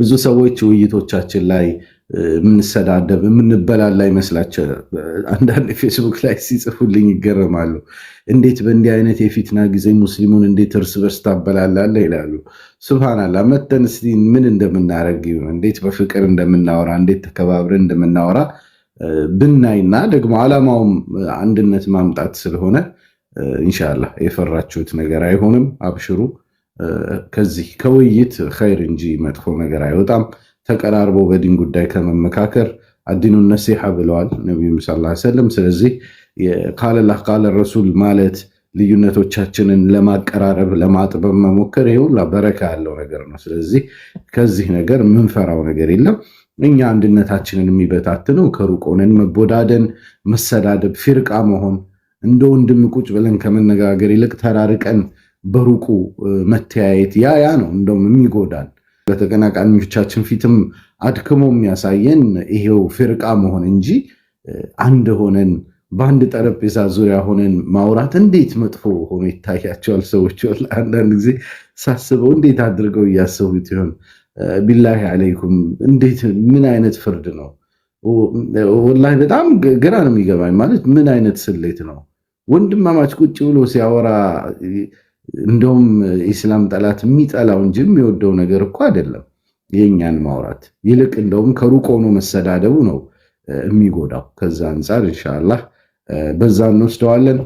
ብዙ ሰዎች ውይይቶቻችን ላይ የምንሰዳደብ የምንበላላ ይመስላቸው። አንዳንድ ፌስቡክ ላይ ሲጽፉልኝ ይገረማሉ። እንዴት በእንዲህ አይነት የፊትና ጊዜ ሙስሊሙን እንዴት እርስ በርስ ታበላላለህ ይላሉ። ስብሃናላ መተን እስኪ ምን እንደምናደርግ እንዴት በፍቅር እንደምናወራ እንዴት ተከባብረን እንደምናወራ ብናይና ደግሞ ዓላማውም አንድነት ማምጣት ስለሆነ እንሻላ የፈራችሁት ነገር አይሆንም። አብሽሩ። ከዚህ ከውይይት ኸይር እንጂ መጥፎ ነገር አይወጣም። ተቀራርቦ በዲን ጉዳይ ከመመካከር አዲኑ ነሲሓ ብለዋል ነቢዩም ሰለላሁ ዐለይሂ ስለዚህ ካለላህ ቃለ ረሱል ማለት ልዩነቶቻችንን ለማቀራረብ ለማጥበብ መሞከር ይሄ ሁላ በረካ ያለው ነገር ነው። ስለዚህ ከዚህ ነገር ምንፈራው ነገር የለም። እኛ አንድነታችንን የሚበታትነው ከሩቅ ሆነን መቦዳደን፣ መሰዳደብ፣ ፊርቃ መሆን እንደ ወንድም ቁጭ ብለን ከመነጋገር ይልቅ ተራርቀን በሩቁ መተያየት ያ ያ ነው እንደውም የሚጎዳን። በተቀናቃኞቻችን ፊትም አድክሞ የሚያሳየን ይሄው ፍርቃ መሆን እንጂ አንድ ሆነን በአንድ ጠረጴዛ ዙሪያ ሆነን ማውራት እንዴት መጥፎ ሆኖ ይታያቸዋል ሰዎች። አንዳንድ ጊዜ ሳስበው እንዴት አድርገው እያሰቡት ይሆን? ቢላሂ አለይኩም እንዴት ምን አይነት ፍርድ ነው? ወላሂ በጣም ግራ ነው የሚገባኝ። ማለት ምን አይነት ስሌት ነው? ወንድማማች ቁጭ ብሎ ሲያወራ እንደውም ኢስላም ጠላት የሚጠላው እንጂ የሚወደው ነገር እኮ አይደለም የእኛን ማውራት። ይልቅ እንደውም ከሩቅ ሆኖ መሰዳደቡ ነው የሚጎዳው። ከዛ አንጻር እንሻላ በዛ እንወስደዋለን።